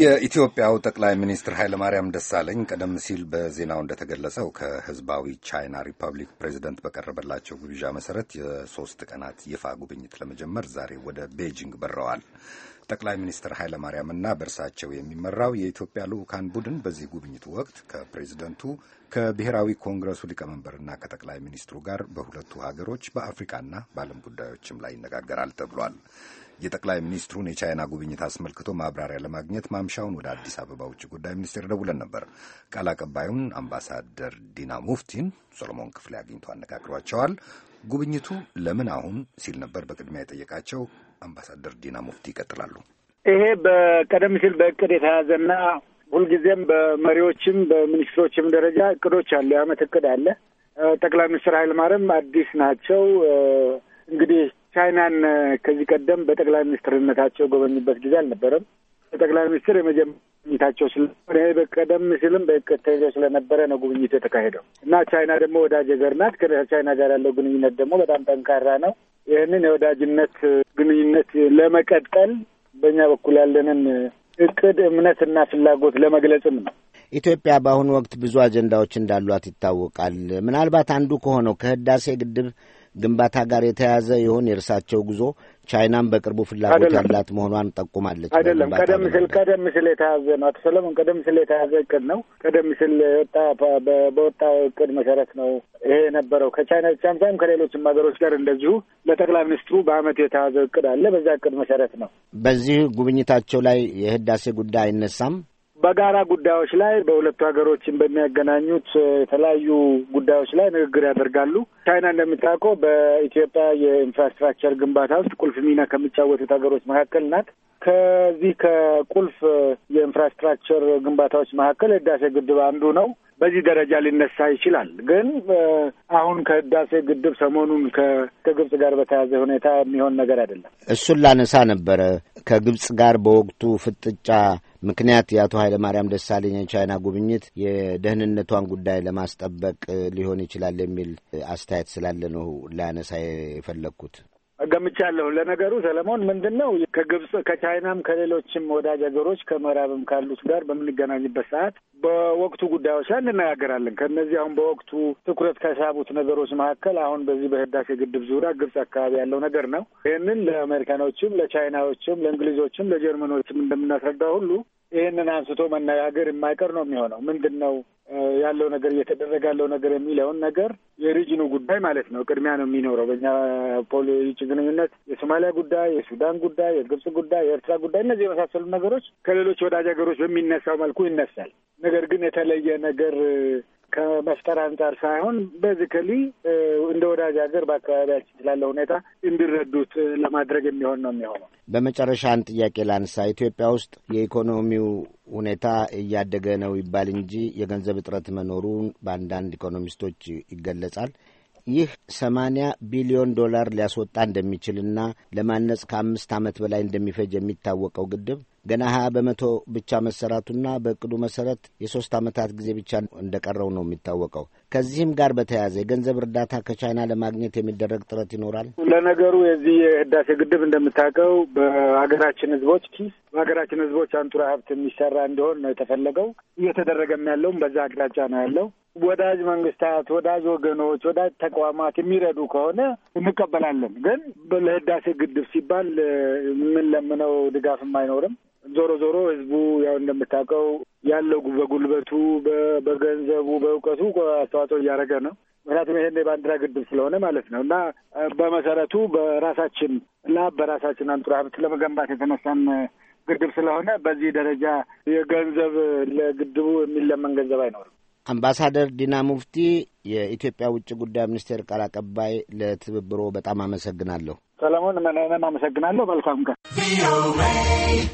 የኢትዮጵያው ጠቅላይ ሚኒስትር ኃይለማርያም ደሳለኝ ቀደም ሲል በዜናው እንደተገለጸው ከህዝባዊ ቻይና ሪፐብሊክ ፕሬዚደንት በቀረበላቸው ግብዣ መሰረት የሶስት ቀናት ይፋ ጉብኝት ለመጀመር ዛሬ ወደ ቤጂንግ በረዋል። ጠቅላይ ሚኒስትር ኃይለማርያምና በእርሳቸው የሚመራው የኢትዮጵያ ልዑካን ቡድን በዚህ ጉብኝቱ ወቅት ከፕሬዚደንቱ ከብሔራዊ ኮንግረሱ ሊቀመንበርና ከጠቅላይ ሚኒስትሩ ጋር በሁለቱ ሀገሮች በአፍሪካና በዓለም ጉዳዮችም ላይ ይነጋገራል ተብሏል። የጠቅላይ ሚኒስትሩን የቻይና ጉብኝት አስመልክቶ ማብራሪያ ለማግኘት ማምሻውን ወደ አዲስ አበባ ውጭ ጉዳይ ሚኒስቴር ደውለን ነበር። ቃል አቀባዩን አምባሳደር ዲና ሙፍቲን ሶሎሞን ክፍሌ አግኝቶ አነጋግሯቸዋል። ጉብኝቱ ለምን አሁን ሲል ነበር በቅድሚያ የጠየቃቸው። አምባሳደር ዲና ሙፍቲ ይቀጥላሉ። ይሄ በቀደም ሲል በእቅድ የተያዘና ሁልጊዜም በመሪዎችም በሚኒስትሮችም ደረጃ እቅዶች አሉ። የዓመት እቅድ አለ። ጠቅላይ ሚኒስትር ኃይለማርያም አዲስ ናቸው። እንግዲህ ቻይናን ከዚህ ቀደም በጠቅላይ ሚኒስትርነታቸው የጎበኙበት ጊዜ አልነበረም። በጠቅላይ ሚኒስትር የመጀመሪያ ጉብኝታቸው ስለሆነ ይሄ በቀደም ሲልም በእቅድ ስለነበረ ነው ጉብኝቱ የተካሄደው እና ቻይና ደግሞ ወዳጅ ሀገር ናት። ከቻይና ጋር ያለው ግንኙነት ደግሞ በጣም ጠንካራ ነው። ይህንን የወዳጅነት ግንኙነት ለመቀጠል በእኛ በኩል ያለንን እቅድ እምነትና ፍላጎት ለመግለጽም ነው። ኢትዮጵያ በአሁኑ ወቅት ብዙ አጀንዳዎች እንዳሏት ይታወቃል። ምናልባት አንዱ ከሆነው ከህዳሴ ግድብ ግንባታ ጋር የተያያዘ ይሆን የእርሳቸው ጉዞ? ቻይናም በቅርቡ ፍላጎት ያላት መሆኗን ጠቁማለች። አይደለም ቀደም ሲል ቀደም ሲል የተያዘ ነው። አቶ ሰለሞን ቀደም ሲል የተያዘ እቅድ ነው። ቀደም ሲል በወጣ እቅድ መሰረት ነው ይሄ የነበረው። ከቻይና ብቻም ሳይሆን ከሌሎችም ሀገሮች ጋር እንደዚሁ ለጠቅላይ ሚኒስትሩ በአመት የተያዘ እቅድ አለ። በዛ እቅድ መሰረት ነው። በዚህ ጉብኝታቸው ላይ የህዳሴ ጉዳይ አይነሳም። በጋራ ጉዳዮች ላይ በሁለቱ ሀገሮችን በሚያገናኙት የተለያዩ ጉዳዮች ላይ ንግግር ያደርጋሉ። ቻይና እንደሚታወቀው በኢትዮጵያ የኢንፍራስትራክቸር ግንባታ ውስጥ ቁልፍ ሚና ከሚጫወቱት ሀገሮች መካከል ናት። ከዚህ ከቁልፍ የኢንፍራስትራክቸር ግንባታዎች መካከል ህዳሴ ግድብ አንዱ ነው። በዚህ ደረጃ ሊነሳ ይችላል። ግን አሁን ከህዳሴ ግድብ ሰሞኑን ከግብጽ ጋር በተያያዘ ሁኔታ የሚሆን ነገር አይደለም። እሱን ላነሳ ነበረ። ከግብጽ ጋር በወቅቱ ፍጥጫ ምክንያት የአቶ ኃይለማርያም ደሳለኝ የቻይና ጉብኝት የደህንነቷን ጉዳይ ለማስጠበቅ ሊሆን ይችላል የሚል አስተያየት ስላለ ነው ላነሳ የፈለግኩት። ገምቻለሁ። ለነገሩ ሰለሞን ምንድን ነው ከግብጽ ከቻይናም ከሌሎችም ወዳጅ ሀገሮች ከምዕራብም ካሉት ጋር በምንገናኝበት ሰዓት በወቅቱ ጉዳዮች ላይ እንነጋገራለን። ከእነዚህ አሁን በወቅቱ ትኩረት ከሳቡት ነገሮች መካከል አሁን በዚህ በህዳሴ ግድብ ዙሪያ ግብጽ አካባቢ ያለው ነገር ነው። ይህንን ለአሜሪካኖችም፣ ለቻይናዎችም፣ ለእንግሊዞችም፣ ለጀርመኖችም እንደምናስረዳ ሁሉ ይህንን አንስቶ መነጋገር የማይቀር ነው የሚሆነው። ምንድን ነው ያለው ነገር እየተደረገ ያለው ነገር የሚለውን ነገር የሪጅኑ ጉዳይ ማለት ነው ቅድሚያ ነው የሚኖረው በኛ ፖሊጭ ግንኙነት የሶማሊያ ጉዳይ፣ የሱዳን ጉዳይ፣ የግብጽ ጉዳይ፣ የኤርትራ ጉዳይ እነዚህ የመሳሰሉ ነገሮች ከሌሎች ወዳጅ ሀገሮች በሚነሳው መልኩ ይነሳል። ነገር ግን የተለየ ነገር ከመፍጠር አንጻር ሳይሆን በዚክሊ እንደ ወዳጅ ሀገር በአካባቢያችን ስላለ ሁኔታ እንዲረዱት ለማድረግ የሚሆን ነው የሚሆነው። በመጨረሻ አንድ ጥያቄ ላንሳ። ኢትዮጵያ ውስጥ የኢኮኖሚው ሁኔታ እያደገ ነው ይባል እንጂ የገንዘብ እጥረት መኖሩን በአንዳንድ ኢኮኖሚስቶች ይገለጻል። ይህ ሰማንያ ቢሊዮን ዶላር ሊያስወጣ እንደሚችልና ለማነጽ ከአምስት ዓመት በላይ እንደሚፈጅ የሚታወቀው ግድብ ገና ሀያ በመቶ ብቻ መሰራቱና በእቅዱ መሰረት የሶስት ዓመታት ጊዜ ብቻ እንደቀረው ነው የሚታወቀው። ከዚህም ጋር በተያያዘ የገንዘብ እርዳታ ከቻይና ለማግኘት የሚደረግ ጥረት ይኖራል። ለነገሩ የዚህ የህዳሴ ግድብ እንደምታውቀው በሀገራችን ህዝቦች ኪስ በሀገራችን ህዝቦች አንጡራ ሀብት የሚሰራ እንዲሆን ነው የተፈለገው። እየተደረገም ያለውም በዛ አቅጣጫ ነው ያለው። ወዳጅ መንግስታት፣ ወዳጅ ወገኖች፣ ወዳጅ ተቋማት የሚረዱ ከሆነ እንቀበላለን። ግን ለህዳሴ ግድብ ሲባል የምንለምነው ድጋፍም አይኖርም። ዞሮ ዞሮ ህዝቡ ያው እንደምታውቀው ያለው በጉልበቱ፣ በገንዘቡ፣ በእውቀቱ አስተዋጽኦ እያደረገ ነው። ምክንያቱም ይሄን የባንዲራ ግድብ ስለሆነ ማለት ነው እና በመሰረቱ በራሳችን እና በራሳችን አንጡራ ሀብት ለመገንባት የተነሳን ግድብ ስለሆነ በዚህ ደረጃ የገንዘብ ለግድቡ የሚለመን ገንዘብ አይኖርም። አምባሳደር ዲና ሙፍቲ የኢትዮጵያ ውጭ ጉዳይ ሚኒስቴር ቃል አቀባይ፣ ለትብብሮ በጣም አመሰግናለሁ። ሰለሞን፣ እኔም አመሰግናለሁ። መልካም ቀን።